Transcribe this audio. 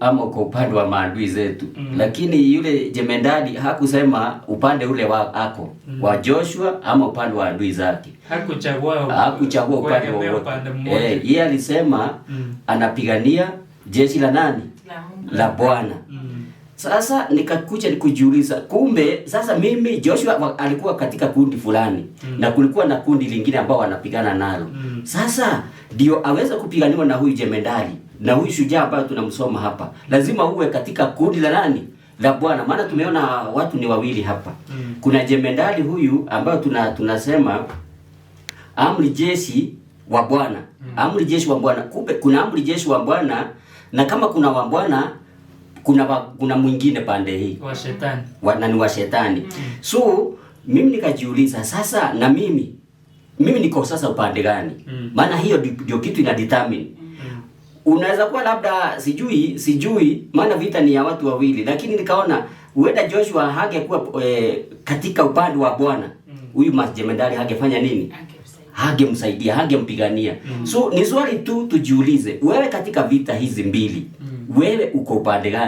ama kwa upande wa maadui zetu mm. Lakini yule jemedari hakusema upande ule wa ako mm. wa Joshua ama upande wa adui zake, hakuchagua hakuchagua upande wowote eh, yeye alisema mm. anapigania jeshi la nani la, la Bwana mm. Sasa nikakuja nikujiuliza, kumbe sasa mimi Joshua alikuwa katika kundi fulani mm. na kulikuwa na kundi lingine ambao wanapigana nalo mm. Sasa ndio aweza kupiganiwa na huyu jemedari na huyu shujaa ambayo tunamsoma hapa lazima uwe katika kundi la nani la Bwana, maana tumeona watu ni wawili hapa mm. Kuna jemendali huyu ambayo tuna, tunasema amri jeshi wa Bwana mm. Amri jeshi wa Bwana, kumbe kuna amri jeshi wa Bwana na kama kuna wa Bwana kuna wa, kuna mwingine pande hii wa shetani wa, na ni wa shetani mm. So mimi nikajiuliza sasa, na mimi mimi niko sasa upande gani? Mm. maana mm. hiyo ndio kitu ina determine mm unaweza kuwa labda sijui sijui, maana vita ni ya watu wawili, lakini nikaona huenda Joshua hangekuwa e, katika upande wa Bwana mm. huyu mm. majemadari hangefanya nini? Hangemsaidia, hangempigania mm. So ni swali tu tujiulize, wewe katika vita hizi mbili mm. wewe uko upande gani?